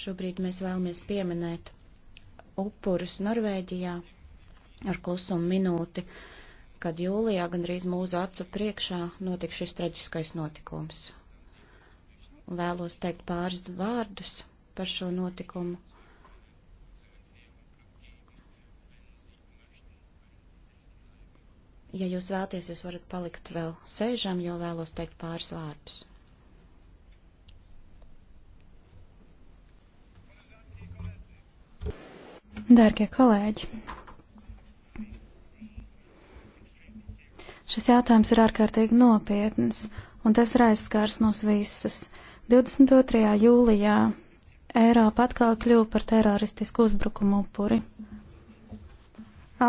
Šobrīd mēs vēlamies pieminēt upurus Norvēģijā ar klusumu minūti, kad jūlijā gandrīz mūsu acu priekšā notika šis traģiskais notikums. Vēlos teikt pāris vārdus par šo notikumu. Ja jūs vēlties, jūs varat palikt vēl sēžam, jo vēlos teikt pāris vārdus. Dārgie kolēģi, šis jautājums ir ārkārtīgi nopietns, un tas ir aizskārs mūs visus. 22. jūlijā Eiropa atkal kļuva par teroristisku uzbrukumu upuri.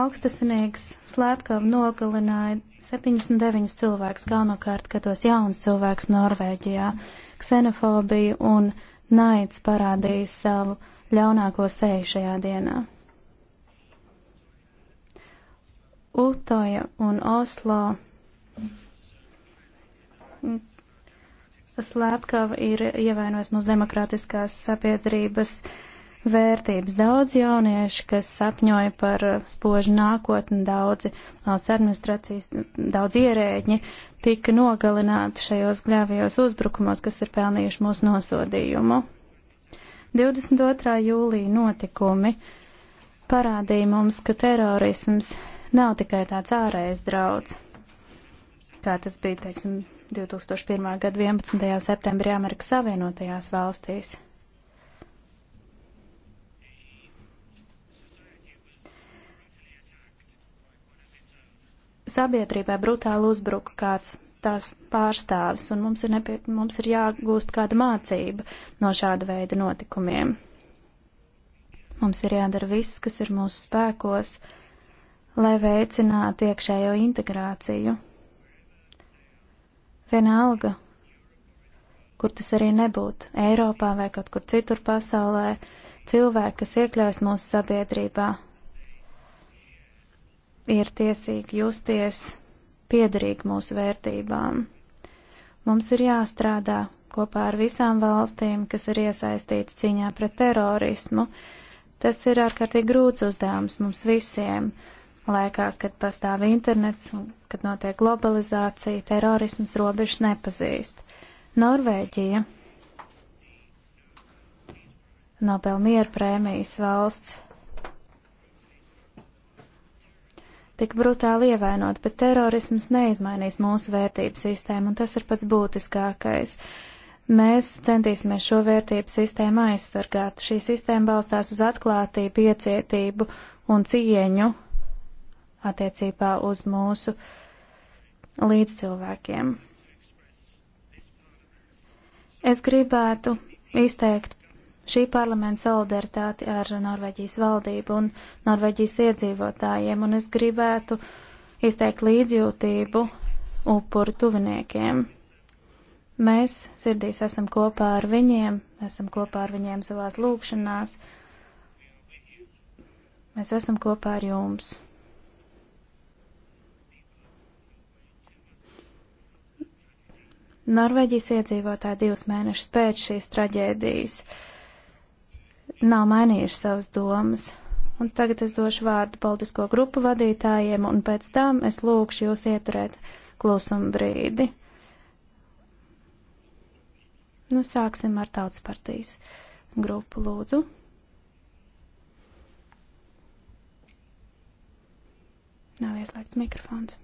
Augstasinīgs slēpkava nogalināja 79 cilvēkus, galvenokārt, kad tos jauns cilvēks Norvēģijā. Ksenofobija un naids parādīja savu ļaunāko seju šajā dienā. Utoja un Oslo slēpkava ir ievainojis mūsu demokrātiskās sabiedrības vērtības. Daudz jaunieši, kas sapņoja par spožu nākotni, daudzi valsts administrācijas, daudz ierēģi tika nogalināti šajos gļāvajos uzbrukumos, kas ir pelnījuši mūsu nosodījumu. 22. jūlija notikumi parādīja mums, ka terorisms nav tikai tāds ārējais drauds, kā tas bija, teiksim, 2001. gada 11. septembrī Amerikas Savienotajās valstīs. Sabiedrībai brutāli uzbruka kāds tās pārstāvis, un mums ir, nepie, mums ir jāgūst kāda mācība no šāda veida notikumiem. Mums ir jādara viss, kas ir mūsu spēkos, lai veicinātu iekšējo integrāciju. Vienalga, kur tas arī nebūtu, Eiropā vai kaut kur citur pasaulē, cilvēki, kas iekļaujas mūsu sabiedrībā, ir tiesīgi justies piederīgi mūsu vērtībām. Mums ir jāstrādā kopā ar visām valstīm, kas ir iesaistītas cīņā pret terorismu. Tas ir ārkārtīgi grūts uzdevums mums visiem. Laikā, kad pastāv internets, kad notiek globalizācija, terorisms robežas nepazīst. Norvēģija, Nobel mieru prēmijas valsts, tik brutāli ievainot, bet terorisms neizmainīs mūsu vērtību sistēmu, un tas ir pats būtiskākais. Mēs centīsimies šo vērtību sistēmu aizsargāt. Šī sistēma balstās uz atklātību, iecietību un cieņu attiecībā uz mūsu līdzcilvēkiem. Es gribētu izteikt šī parlamenta solidaritāti ar Norvēģijas valdību un Norvēģijas iedzīvotājiem, un es gribētu izteikt līdzjūtību upuru tuviniekiem. Mēs sirdīs esam kopā ar viņiem, esam kopā ar viņiem savās lūkšanās, mēs esam kopā ar jums. Norvēģijas iedzīvotāji divus mēnešus pēc šīs traģēdijas uh, nav mainījuši savas domas. Un tagad es došu vārdu politisko grupu vadītājiem, un pēc tam es lūkšu jūs ieturēt klusumu brīdi. Nu, sāksim ar tautas partijas grupu lūdzu. Nav ieslēgts mikrofons.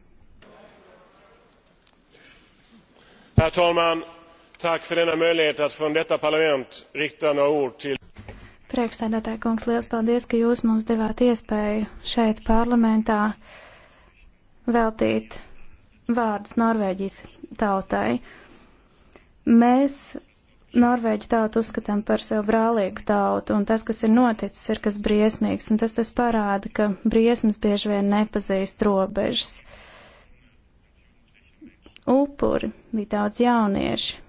Herr talman! Tack för denna möjlighet att från detta parlament rikta några ord till Priekšsēdētāja kungs, liels paldies, ka jūs mums devāt iespēju šeit parlamentā veltīt vārdus Norvēģijas tautai. Mēs Norvēģu tautu uzskatām par sev brālīgu tautu, un tas, kas ir noticis, ir kas briesmīgs, un tas tas parāda, ka briesmas bieži vien nepazīst robežas. Upuri bija daudz jaunieši,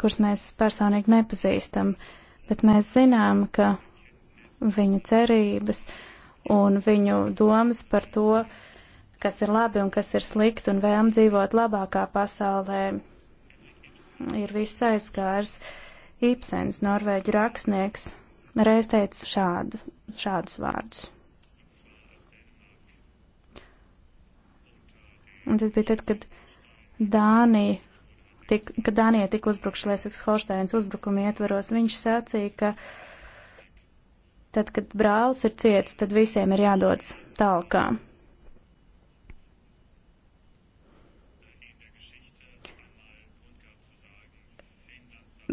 kurus mēs personīgi nepazīstam, bet mēs zinām, ka viņu cerības un viņu domas par to, kas ir labi un kas ir slikti un vēlam dzīvot labākā pasaulē, ir viss aizgārs. Ibsens, norvēģu rakstnieks, reiz teica šādu, šādus vārdus. Un tas bija tad, kad Dānija tik, kad Dānija tika uzbrukts Lēsaks Holsteins uzbrukuma ietvaros, viņš sacīja, ka tad, kad brālis ir ciets, tad visiem ir jādodas talkā.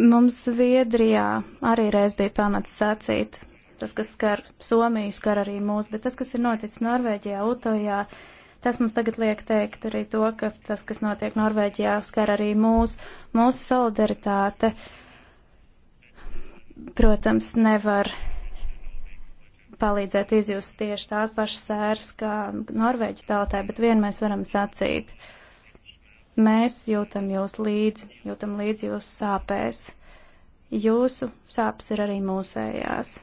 Mums Viedrijā arī reiz bija pamats sacīt, tas, kas skar Somiju, skar arī mūs, bet tas, kas ir noticis Norvēģijā, Utojā, uh, Tas mums tagad liek teikt arī to, ka tas, kas notiek Norvēģijā, skar arī mūs, mūsu solidaritāte. Protams, nevar palīdzēt izjust tieši tās pašas sērs kā Norvēģu tautai, bet vien mēs varam sacīt. Mēs jūtam jūs līdzi, jūtam līdzi jūsu sāpēs. Jūsu sāpes ir arī mūsējās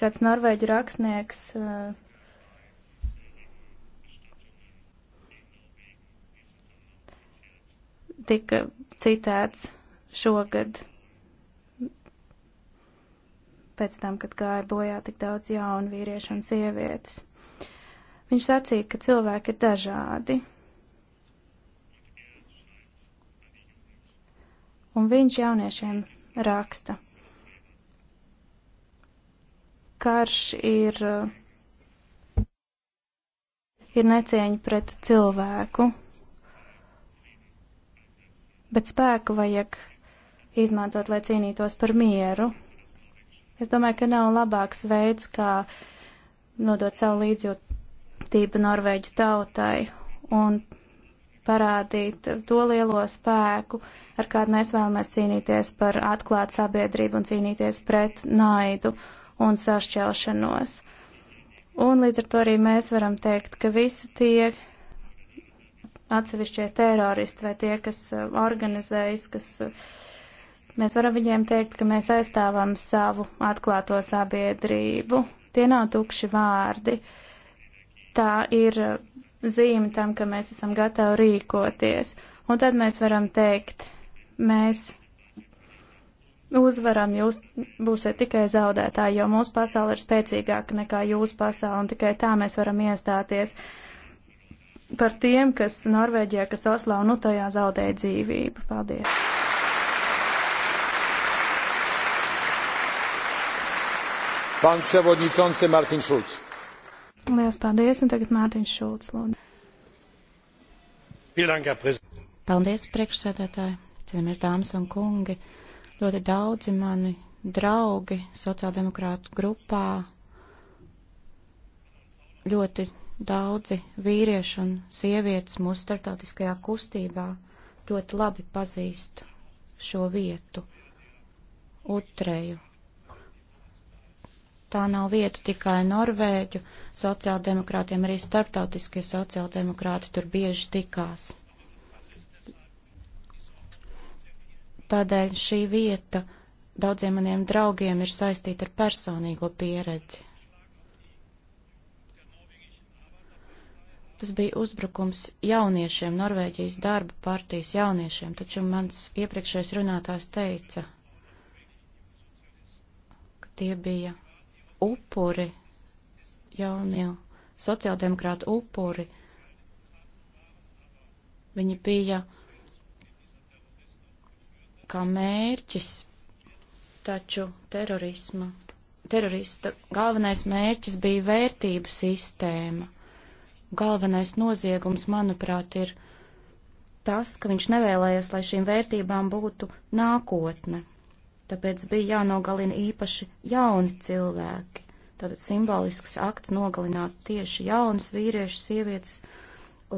kāds norvēģu rakstnieks uh, tika citēts šogad pēc tam, kad gāja bojā tik daudz jaunu vīriešu un sievietes. Viņš sacīja, ka cilvēki ir dažādi. Un viņš jauniešiem raksta. Karš ir, ir necieņa pret cilvēku, bet spēku vajag izmantot, lai cīnītos par mieru. Es domāju, ka nav labāks veids, kā nodot savu līdzjūtību Norvēģu tautai un parādīt to lielo spēku, ar kādu mēs vēlamies cīnīties par atklātu sabiedrību un cīnīties pret naidu un sašķelšanos. Un līdz ar to arī mēs varam teikt, ka visi tie, atsevišķie teroristi vai tie, kas uh, organizējas, kas uh, mēs varam viņiem teikt, ka mēs aizstāvam savu atklāto sabiedrību. Tie nav tukši vārdi. Tā ir uh, zīme tam, ka mēs esam gatavi rīkoties. Un tad mēs varam teikt, mēs uzvaram, jūs būsiet tikai zaudētāji, jo mūsu pasaule ir spēcīgāka nekā jūsu pasaule, un tikai tā mēs varam iestāties. Uh, par tiem, kas Norvēģijā, kas Oslā un Utajā zaudēja dzīvību. Paldies! Pan przewodniczący Martin Schulz. Lielas paldies, un tagad Mārtiņš Šulc, lūdzu. Paldies, priekšsēdētāji, cienījamies dāmas un kungi. Ļoti daudzi mani draugi sociāldemokrātu grupā ļoti Daudzi vīrieši un sievietes mūsu startautiskajā kustībā ļoti labi pazīst šo vietu, Utreju. Tā nav vieta tikai Norvēģu sociāldemokrātiem, arī starptautiskie sociāldemokrāti tur bieži tikās. Tādēļ šī vieta daudziem maniem draugiem ir saistīta ar personīgo pieredzi. Tas bija uzbrukums jauniešiem, Norvēģijas darba partijas jauniešiem, taču mans iepriekšējais runātājs teica, ka tie bija upuri, jaunie sociāldemokrāti upuri. Viņi bija kā mērķis, taču terorisma, terorista galvenais mērķis bija vērtību sistēma galvenais noziegums, manuprāt, ir tas, ka viņš nevēlējās, lai šīm vērtībām būtu nākotne. Tāpēc bija jānogalina īpaši jauni cilvēki. Tātad simbolisks akts nogalināt tieši jaunus vīriešus, sievietes,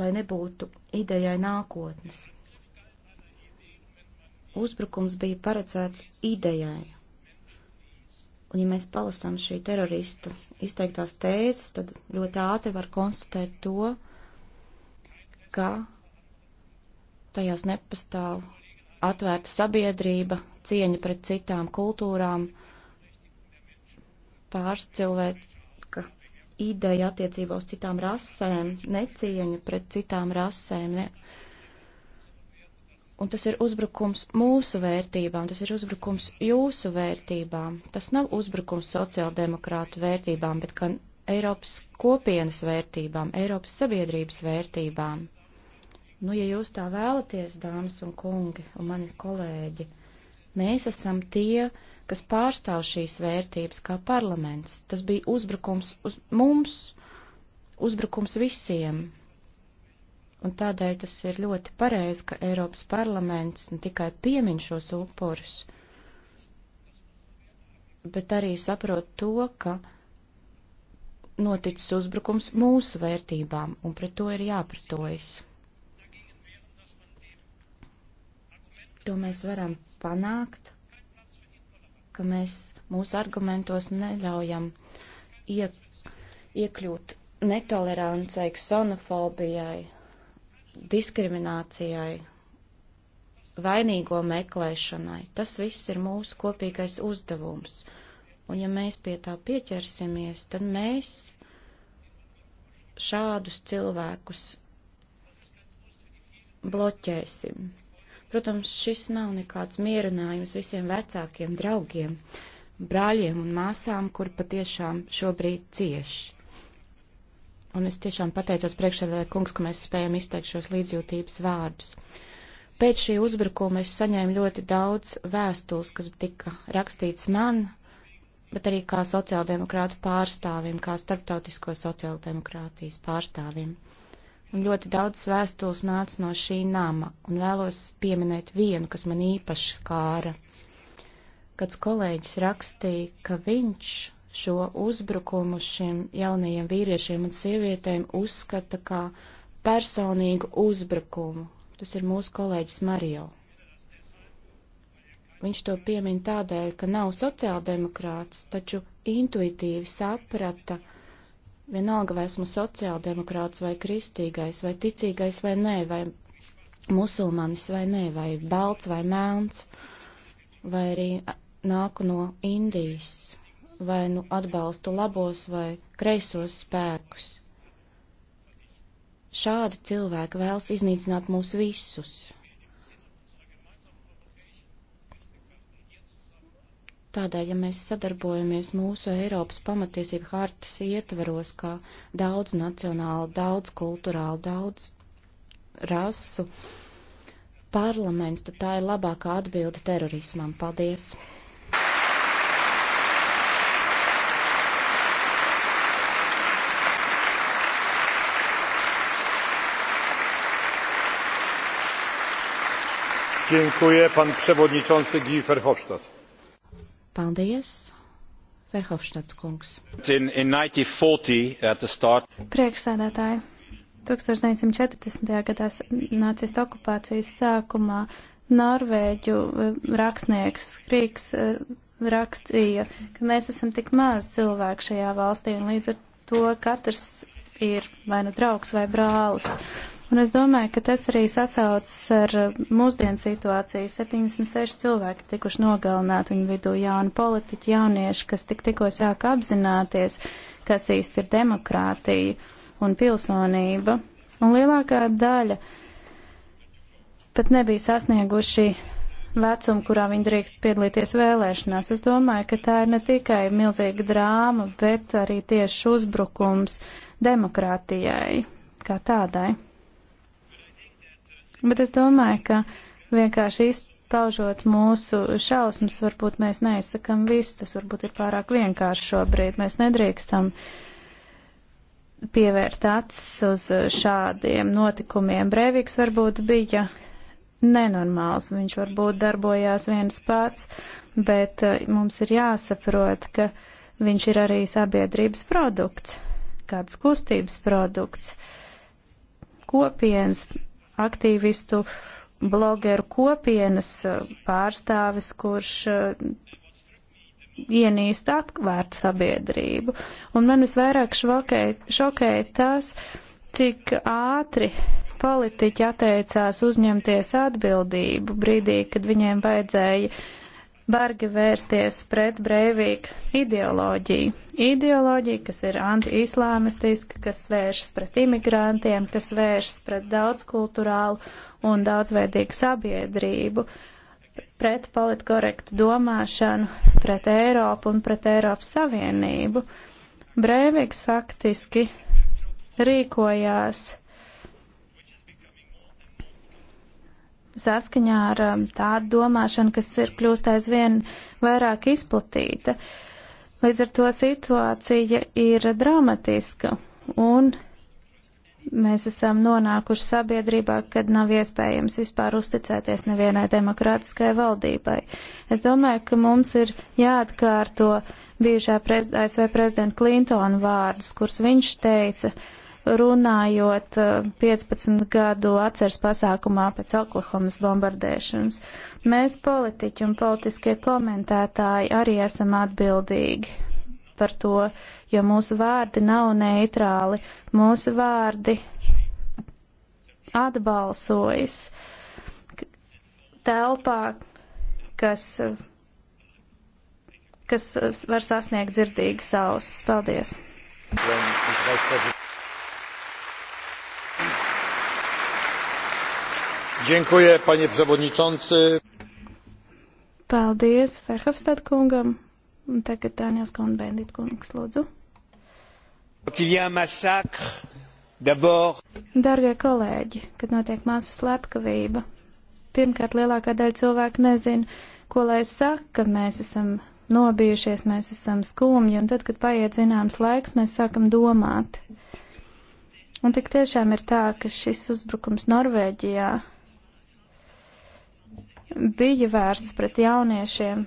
lai nebūtu idejai nākotnes. Uzbrukums bija paredzēts idejai, Un ja mēs palasām šī teroristu izteiktās tēzes, tad ļoti ātri var konstatēt to, ka tajās nepastāv atvērta sabiedrība, cieņa pret citām kultūrām, pārscilvēka ideja attiecībā uz citām rasēm, necieņa pret citām rasēm, ne, Un tas ir uzbrukums mūsu vērtībām, tas ir uzbrukums jūsu vērtībām. Tas nav uzbrukums sociāldemokrātu vērtībām, bet gan Eiropas kopienas vērtībām, Eiropas sabiedrības vērtībām. Nu, ja jūs tā vēlaties, dāmas un kungi un mani kolēģi, mēs esam tie, kas pārstāv šīs vērtības kā parlaments. Tas bija uzbrukums uz mums, uzbrukums visiem, Un tādēļ tas ir ļoti pareizi, ka Eiropas parlaments ne tikai piemin šos upurus, bet arī saprot to, ka noticis uzbrukums mūsu vērtībām, un pret to ir jāpratojas. To mēs varam panākt, ka mēs mūsu argumentos neļaujam iek, iekļūt netolerancei, ksenofobijai, diskriminācijai, vainīgo meklēšanai. Tas viss ir mūsu kopīgais uzdevums. Un ja mēs pie tā pieķersimies, tad mēs šādus cilvēkus bloķēsim. Protams, šis nav nekāds mierinājums visiem vecākiem draugiem, brāļiem un māsām, kur patiešām šobrīd cieši un es tiešām pateicos priekšsēdētāju kungs, ka mēs spējam izteikt šos līdzjūtības vārdus. Pēc šī uzbrukuma es saņēmu ļoti daudz vēstules, kas tika rakstīts man, bet arī kā sociāldemokrātu pārstāvim, kā starptautisko sociāldemokrātijas pārstāvim. Un ļoti daudz vēstules nāca no šī nama, un vēlos pieminēt vienu, kas man īpaši skāra. Kāds kolēģis rakstīja, ka viņš šo uzbrukumu šiem jaunajiem vīriešiem un sievietēm uzskata kā personīgu uzbrukumu. Tas ir mūsu kolēģis Mario. Viņš to piemin tādēļ, ka nav sociāldemokrāts, taču intuitīvi saprata, vienalga vai esmu sociāldemokrāts vai kristīgais, vai ticīgais vai nē, vai musulmanis vai nē, vai balts vai melns, vai arī nāku no Indijas vai nu atbalstu labos vai kreisos spēkus. Šādi cilvēki vēlas iznīcināt mūs visus. Tādēļ, ja mēs sadarbojamies mūsu Eiropas pamatiesību hartas ietveros, kā daudz nacionālu, daudz kulturālu, daudz rasu parlaments, tad tā ir labākā atbilde terorismam. Paldies! Dziękuję, pan przewodniczący Guy Verhofstadt. Paldies, Verhofstadt kungs. In, in 1940, at the start... Priekšsēdētāji, 1940. gadā nācijas okupācijas sākumā Norvēģu e, rakstnieks Krīgs e, rakstīja, ka mēs esam tik maz cilvēku šajā valstī un līdz ar to katrs ir vai nu draugs vai brālis. Un es domāju, ka tas arī sasaucas ar uh, mūsdienu situāciju. 76 cilvēki tikuši nogalināti viņu vidū jauni politiķi, jaunieši, kas tik tikko sāk apzināties, kas īsti ir demokrātija un pilsonība. Un lielākā daļa pat nebija sasnieguši vecumu, kurā viņi drīkst piedalīties vēlēšanās. Es domāju, ka tā ir ne tikai milzīga drāma, bet arī tieši uzbrukums demokrātijai kā tādai. Bet es domāju, ka vienkārši izpaužot mūsu šausmas, varbūt mēs neizsakam visu, tas varbūt ir pārāk vienkārši šobrīd. Mēs nedrīkstam pievērt acis uz šādiem notikumiem. Breiviks varbūt bija nenormāls, viņš varbūt darbojās viens pats, bet eh, mums ir jāsaprot, ka viņš ir arī sabiedrības produkts, kāds kustības produkts, kopienas aktīvistu blogeru kopienas pārstāvis, kurš ienīst atvērtu sabiedrību. Un man visvairāk šokēja, šokēja tas, cik ātri politiķi atteicās uzņemties atbildību brīdī, kad viņiem vajadzēja uh, bargi vērsties pret breivīgu ideoloģiju. Ideoloģija, kas ir anti-islāmistiska, kas vēršas pret imigrantiem, kas vēršas pret daudzkulturālu un daudzveidīgu sabiedrību, pret politkorektu domāšanu, pret Eiropu un pret Eiropas Savienību. Breiviks faktiski rīkojās saskaņā ar um, tādu domāšanu, kas ir kļūst aizvien vairāk izplatīta. Līdz ar to situācija ir dramatiska un mēs esam nonākuši sabiedrībā, kad nav iespējams vispār uzticēties nevienai demokrātiskai valdībai. Es domāju, ka mums ir jāatkārto bijušā prez ASV prezidenta Klintona vārdus, kurus viņš teica, uh, runājot 15 eh, gadu atceres pasākumā pēc Oklahomas bombardēšanas. Mēs politiķi un politiskie komentētāji arī esam atbildīgi par to, jo mūsu vārdi nav neitrāli, mūsu vārdi atbalsojas telpā, kas kas var sasniegt dzirdīgas ausis. Paldies! Dziękuję, panie przewodniczący. Paldies Ferhofstad kungam. Un tagad Daniels Konbendit kungs, lūdzu. Dargie kolēģi, kad notiek masu slepkavība, pirmkārt lielākā daļa cilvēku nezina, ko lai saka, kad mēs esam nobijušies, mēs esam skumji, un tad, kad paiet zināms laiks, mēs sākam domāt. Un tik tiešām ir tā, ka šis uzbrukums Norvēģijā bija vērstas pret jauniešiem,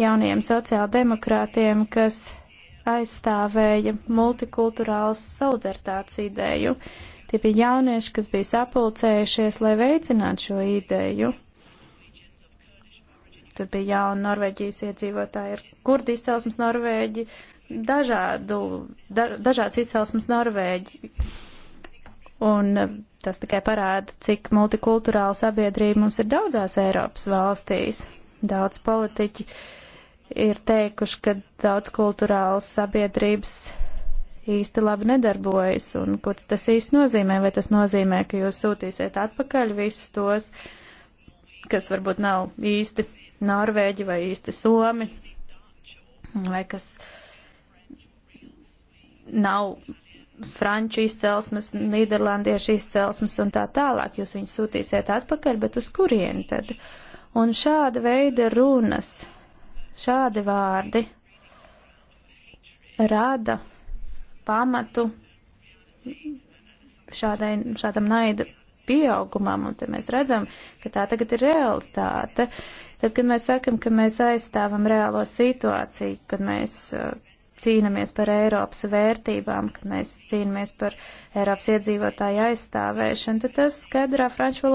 jauniem sociāldemokrātiem, kas aizstāvēja multikulturālas solidaritātes ideju. Tie bija jaunieši, kas bija sapulcējušies, lai veicinātu šo ideju. Tur bija jauni Norvēģijas iedzīvotāji, ir kurdi izcelsmes Norvēģi, dažādu, da, dažādas izcelsmes Norvēģi. Un Tas tikai parāda, cik multikulturāla sabiedrība mums ir daudzās Eiropas valstīs. Daudz politiķi ir teikuši, ka daudz kulturālas sabiedrības īsti labi nedarbojas, un ko tas īsti nozīmē? Vai tas nozīmē, ka jūs sūtīsiet atpakaļ visus tos, kas varbūt nav īsti norvēģi vai īsti somi, vai kas nav franču izcelsmes, nīderlandiešu izcelsmes un tā tālāk. Jūs viņus sūtīsiet atpakaļ, bet uz kurieni tad? Un šāda veida runas, šādi vārdi rada pamatu šādai, šādam naida pieaugumam, un te mēs redzam, ka tā tagad ir realitāte. Tad, kad mēs sakam, ka mēs aizstāvam reālo situāciju, kad mēs uh, cīnamies par Eiropas vērtībām, kad mēs cīnamies par Eiropas iedzīvotāju aizstāvēšanu, tad tas skaidrā franču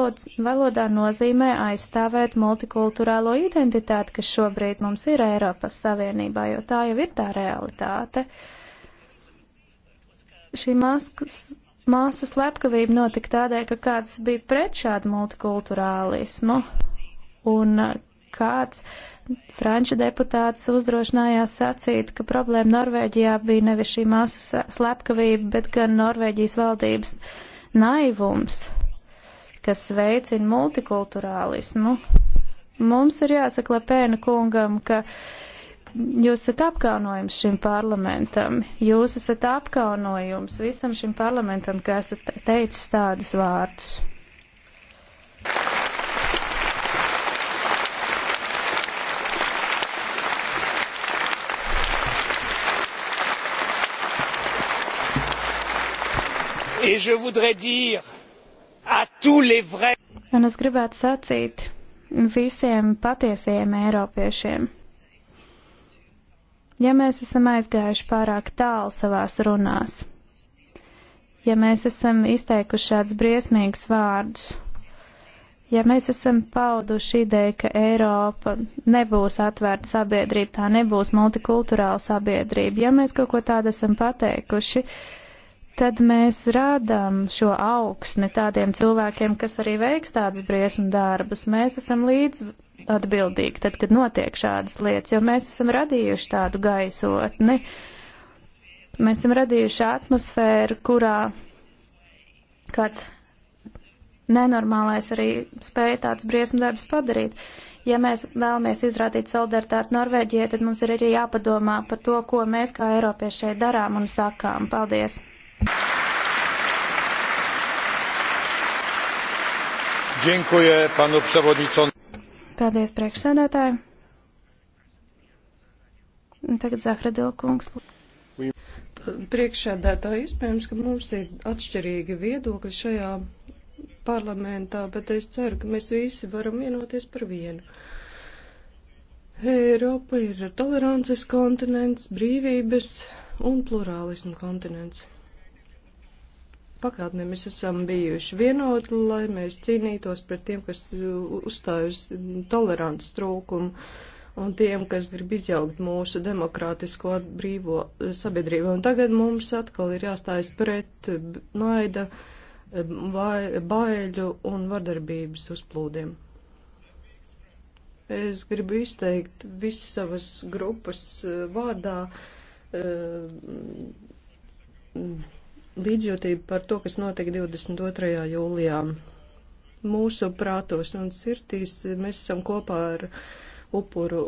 valodā nozīmē aizstāvēt multikulturālo identitāti, kas šobrīd mums ir Eiropas Savienībā, jo tā jau ir tā realitāte. Šī maskas, māsu slepkavība notika tādēļ, ka kāds bija pret šādu multikulturālismu un kāds franču deputāts uzdrošinājās sacīt, ka problēma Norvēģijā bija nevis šī masu slepkavība, bet gan Norvēģijas valdības naivums, kas veicina multikulturālismu. Mums ir jāsaka Lepēna kungam, ka jūs esat apkaunojums šim parlamentam, jūs esat apkaunojums visam šim parlamentam, ka esat teicis tādus vārdus. Et je voudrais dire à tous les vrais. Un es gribētu sacīt visiem patiesajiem eiropiešiem. Ja mēs esam aizgājuši pārāk tālu savās runās, ja mēs esam izteikuši šādus briesmīgus vārdus, ja mēs esam pauduši ideju, ka Eiropa nebūs atvērta sabiedrība, tā nebūs multikulturāla sabiedrība, ja mēs kaut ko tādu esam pateikuši, uh, tad mēs rādām šo augsni tādiem cilvēkiem, kas arī veiks tādas briesmu darbus. Mēs esam līdz atbildīgi, tad, kad notiek šādas lietas, jo mēs esam radījuši tādu gaisotni. Mēs esam radījuši atmosfēru, kurā kāds nenormālais arī spēja tādus briesmu darbus padarīt. Ja mēs vēlamies izrādīt solidaritāti Norvēģijai, tad mums ir arī jāpadomā par to, ko mēs kā Eiropieši šeit darām un sakām. Paldies! Dziękuję panu przewodniczącemu. Paldies, priekšsēdētāji. Tagad Zahradila kungs. Priekšsēdētāji, iespējams, ka mums ir atšķirīgi viedokļi šajā parlamentā, bet es ceru, ka mēs visi varam vienoties par vienu. Eiropa ir tolerances kontinents, brīvības un plurālismu kontinents pagātnē mēs esam bijuši vienoti, lai mēs cīnītos pret tiem, kas uzstāj uz tolerants trūkumu un tiem, kas grib izjaukt mūsu demokrātisko brīvo sabiedrību. Un tagad mums atkal ir jāstājas pret naida, vai, baiļu un vardarbības uzplūdiem. Es gribu izteikt visas savas grupas uh, vārdā. Uh, līdzjūtību par to, kas notika 22. jūlijā. Mūsu prātos un sirdīs mēs esam kopā ar upuru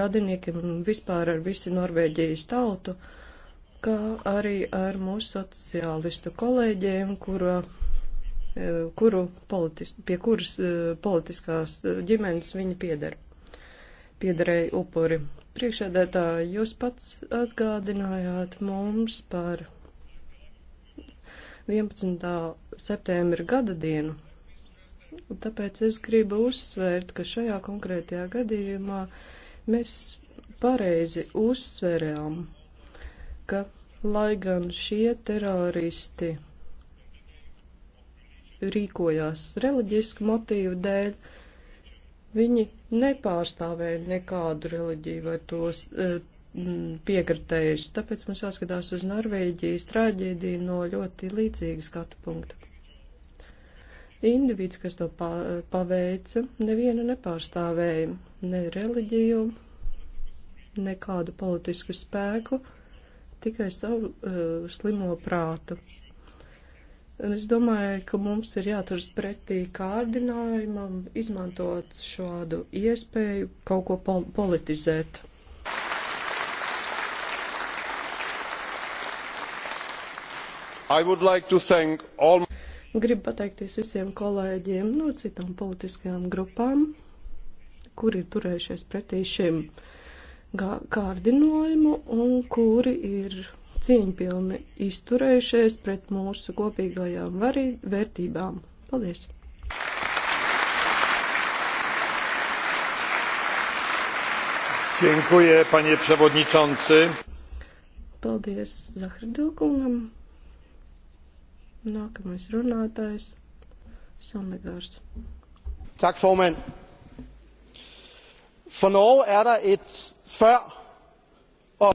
radiniekiem un vispār ar visu Norvēģijas tautu, kā arī ar mūsu sociālistu kolēģiem, kura, e, kuru politis, pie kuras e, politiskās ģimenes viņi pieder. Piederēja upuri priekšēdētāji, jūs pats atgādinājāt mums par 11. septembra gada dienu. Tāpēc es gribu uzsvērt, ka šajā konkrētajā gadījumā mēs pareizi uzsverām, ka lai gan šie teroristi rīkojās reliģisku motīvu dēļ, viņi nepārstāvēja nekādu reliģiju vai tos eh, Mm, piekritējuši. Tāpēc mums jāskatās uz Norvēģijas traģēdiju no ļoti līdzīga skatu punkta. Individs, kas to paveica, nevienu nepārstāvēja, ne reliģiju, nekādu politisku spēku, tikai savu uh, slimo prātu. Un es domāju, ka mums ir jāturas pretī kārdinājumam, izmantot šādu iespēju kaut ko pol politizēt. like all... Gribu pateikties visiem kolēģiem no citām politiskajām grupām, kuri ir turējušies pretī šim kārdinājumu un kuri ir cieņpilni izturējušies pret mūsu kopīgajām vērtībām. Paldies! Dziękuję, panie przewodniczący. Paldies Zahrdilkungam. Nākamais runātājs - Sandegārs. Tak, formand. For Norge er der et før og...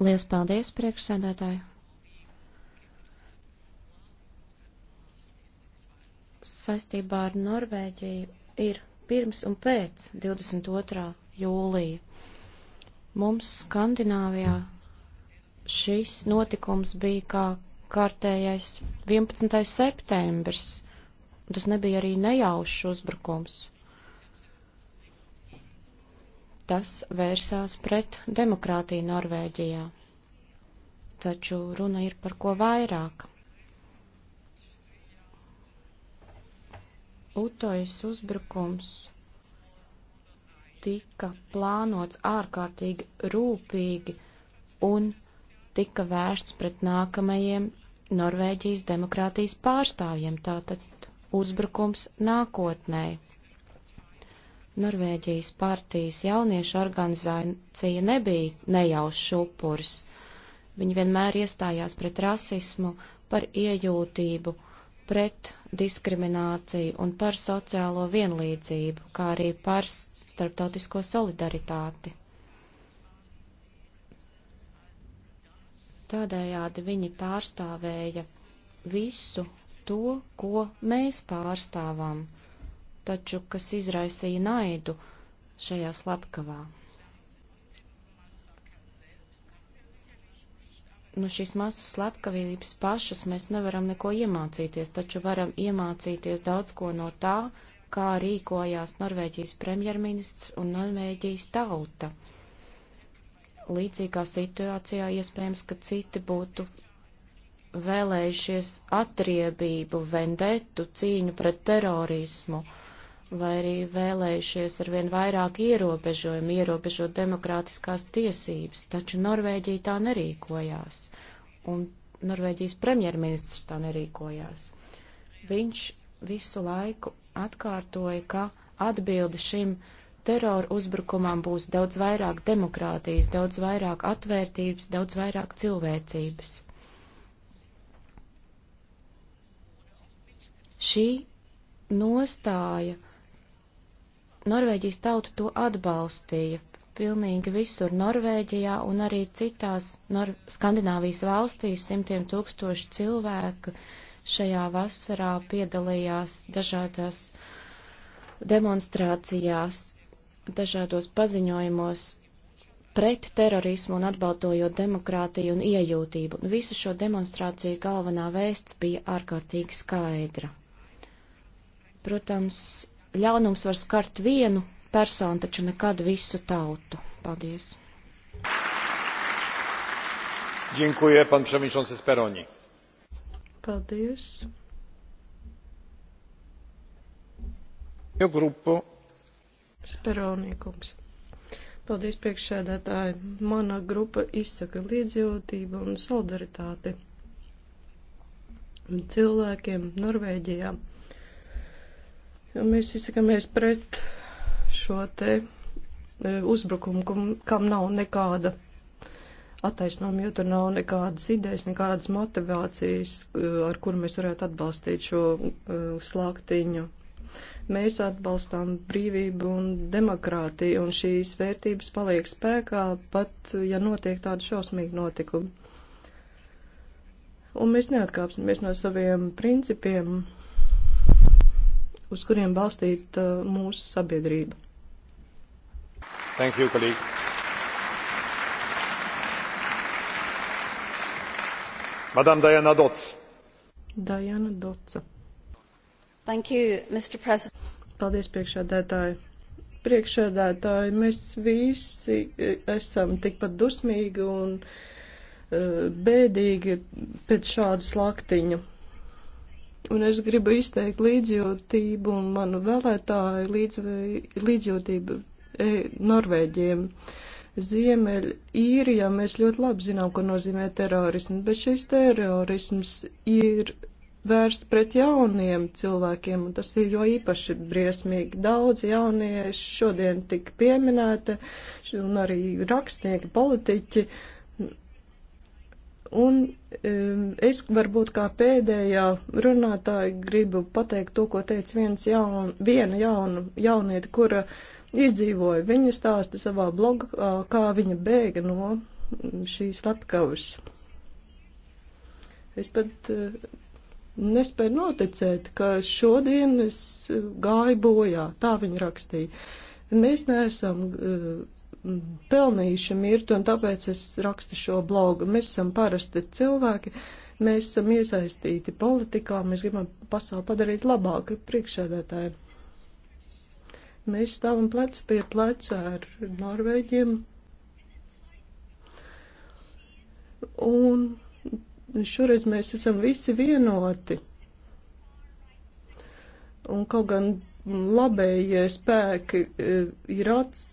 Liels paldies, priekšsēdētāji. Saistībā ar Norvēģiju ir pirms un pēc 22. jūlija. Mums Skandināvijā šis notikums bija kā kārtējais 11. septembris. Tas nebija arī nejaušs uzbrukums. Tas vērsās pret demokrātiju Norvēģijā. Taču runa ir par ko vairāk. Utojas uzbrukums tika plānots ārkārtīgi rūpīgi un tika vērsts pret nākamajiem Norvēģijas demokrātijas pārstāvjiem, tātad uzbrukums nākotnē. Norvēģijas partijas jauniešu organizācija nebija nejaušs upuris. Viņi vienmēr iestājās pret rasismu, par iejūtību, pret diskrimināciju un par sociālo vienlīdzību, kā arī par starptautisko solidaritāti. Tādējādi viņi pārstāvēja visu to, ko mēs pārstāvam, taču kas izraisīja naidu šajā slepkavā. No nu, šīs masu slepkavības pašas mēs nevaram neko iemācīties, taču varam iemācīties daudz ko no tā, kā rīkojās Norvēģijas premjerministrs un Norvēģijas tauta līdzīgā situācijā iespējams, ka citi būtu vēlējušies atriebību, vendetu, cīņu pret terorismu, vai arī vēlējušies ar vien vairāk ierobežojumu, ierobežot demokrātiskās tiesības, taču Norvēģija tā nerīkojās, un Norvēģijas premjerministrs tā nerīkojās. Viņš visu laiku atkārtoja, ka atbildi šim uh, terora uzbrukumam būs daudz vairāk demokrātijas, daudz vairāk atvērtības, daudz vairāk cilvēcības. Šī nostāja Norvēģijas tauta to atbalstīja pilnīgi visur Norvēģijā un arī citās Nor Skandināvijas valstīs simtiem tūkstoši cilvēku šajā vasarā piedalījās dažādās demonstrācijās dažādos paziņojumos pret terorismu un atbalstojot demokrātiju un iejūtību. Nu, visu šo demonstrāciju galvenā vēsts bija ārkārtīgi skaidra. Protams, ļaunums var skart vienu personu, taču nekad visu tautu. Paldies! Dziękuję, pan przewodniczący Speroni. Paldies. Mio gruppo Speronīkums. Paldies priekšsēdētāji. Mana grupa izsaka līdzjūtību un solidaritāti cilvēkiem Norvēģijā. Jo mēs izsakamies pret šo te e, uzbrukumu, kam nav nekāda attaisnojuma, jo tur nav nekādas idejas, nekādas motivācijas, e, ar kuru mēs varētu atbalstīt šo e, slāktiņu Mēs atbalstām brīvību un demokrātiju, un šīs vērtības paliek spēkā, pat ja notiek tādi šausmīgi notikumi. Un mēs neatkāpsimies no saviem principiem, uz kuriem balstīt uh, mūsu sabiedrību. Thank you, colleague. Madame Diana Dots. Diana Dotsa. Thank you, Mr. President. Paldies, priekšādētāji. Priekšādētāji, mēs visi e, esam tikpat dusmīgi un e, bēdīgi pēc šādas laktiņa. Un es gribu izteikt līdzjūtību un manu vēlētāju līdz, līdzjūtību e, Norvēģiem. Ziemeļ īrijā mēs ļoti labi zinām, ko nozīmē terorismu, bet šis terorisms ir vērsts pret jauniem cilvēkiem, un tas ir jo īpaši briesmīgi. Daudz jaunieši šodien tik pieminēti, un arī rakstnieki, politiķi. Un um, es varbūt kā pēdējā runātāja gribu pateikt to, ko teica viens jaun, viena jauna jaunieta, kura izdzīvoja. Viņa stāsta savā blogā, kā viņa bēga no šīs slepkavas. Es pat uh, nespēju noticēt, ka šodien es eh, gāju bojā, tā viņa rakstīja. Mēs neesam uh, pelnījuši mirt, un tāpēc es rakstu šo blogu. Mēs esam parasti cilvēki, mēs esam iesaistīti politikā, mēs gribam pasauli padarīt labāku priekšsēdētāju. Mēs stāvam plecu pie plecu ar Norvēģiem. Un šoreiz mēs esam visi vienoti. Un kaut gan labējie spēki e, ir ats,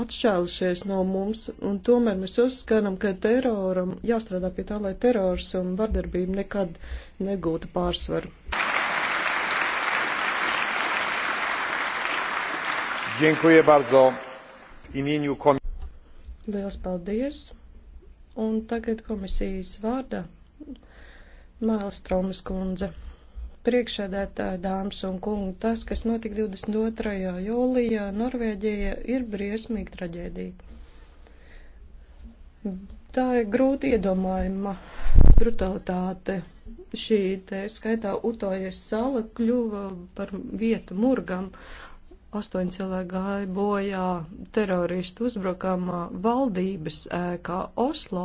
atšķēlušies no mums, un tomēr mēs uzskatām, ka teroram jāstrādā pie tā, lai terors un vardarbība nekad negūtu pārsvaru. Dziękuję bardzo w imieniu komisji. Lielas paldies! Un tagad komisijas vārdā Mailstromas kundze. Priekšēdētāji, dāmas un kungi, tas, kas notika 22. jūlijā Norvēģijā, ir briesmīga traģēdija. Tā ir grūti iedomājama brutalitāte. Šī te skaitā utojas sala kļuva par vietu murgam, astoņi cilvēki gāja bojā teroristu uzbrukamā valdības ēkā Oslo.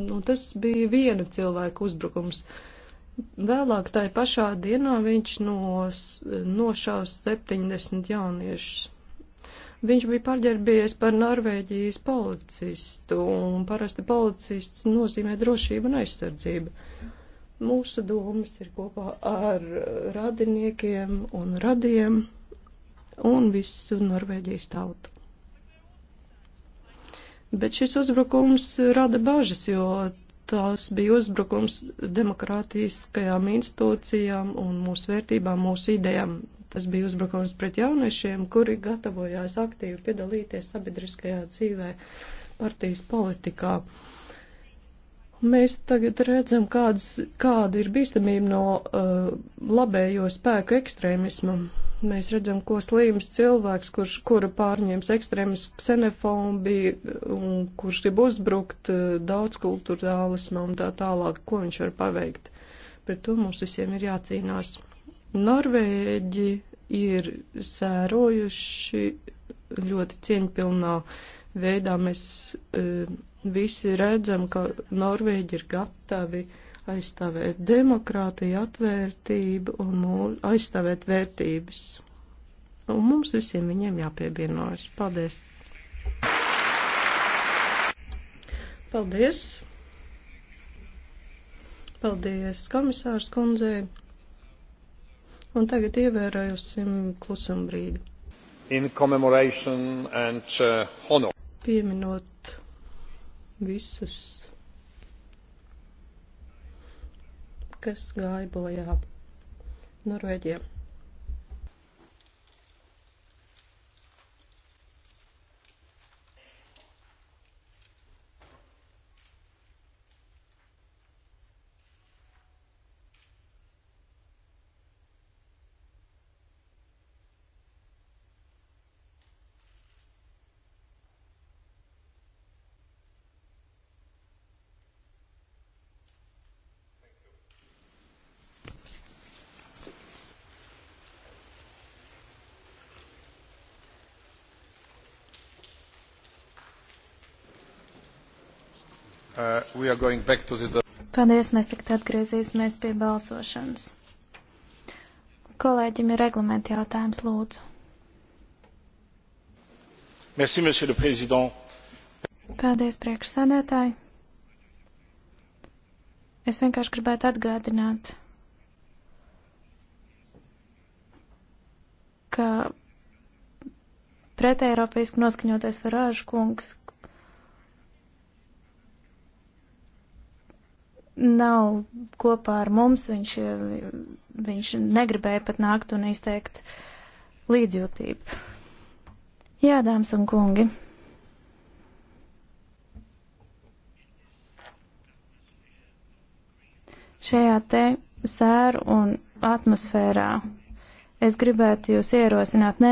Nu, tas bija viena cilvēka uzbrukums. Vēlāk tajā pašā dienā viņš nos, nošaus 70 jauniešus. Viņš bija pārģērbies par Norvēģijas policistu, un parasti policists nozīmē drošību un aizsardzību. Mūsu domas ir kopā ar radiniekiem un radiem un visu Norvēģijas tautu. Bet šis uzbrukums rada bažas, jo tās bija uzbrukums demokrātiskajām institūcijām un mūsu vērtībām, mūsu idejām. Tas bija uzbrukums pret jauniešiem, kuri gatavojās aktīvi piedalīties sabiedriskajā dzīvē, partijas politikā. Uh, Mēs tagad redzam, kādas, kāda ir bīstamība no uh, labējo spēku ekstrēmisma. Mēs redzam, ko slīms cilvēks, kurš, kura pārņems ekstrēmis ksenofobi un kurš grib uzbrukt uh, daudzkulturālismam un tā tālāk, ko viņš var paveikt. Pret to mums visiem ir jācīnās. Norvēģi ir sērojuši ļoti cieņpilnā veidā. Mēs, uh, Visi redzam, ka Norvēģi ir gatavi aizstāvēt demokrātiju, atvērtību un mūl, aizstāvēt vērtības. Un mums visiem viņiem jāpievienojas. Paldies! Paldies! Paldies komisārs kundzei! Un tagad ievērojusim klusumbrīdi. In commemoration and uh, honor. Pieminot visus, kas gāja bojā Norvēģijā. Uh, the... Paldies, mēs tagad atgriezīsimies pie balsošanas. Kolēģim ir reglamenta jautājums, lūdzu. Merci, monsieur le président. Paldies, priekšsēdētāji. Es vienkārši gribētu atgādināt, ka pretēji Eiropaiski noskaņoties Farāžu kungs, nav kopā ar mums, viņš, viņš negribēja pat nākt un izteikt līdzjūtību. Jā, dāmas un kungi. Šajā te sēru un atmosfērā es gribētu jūs ierosināt.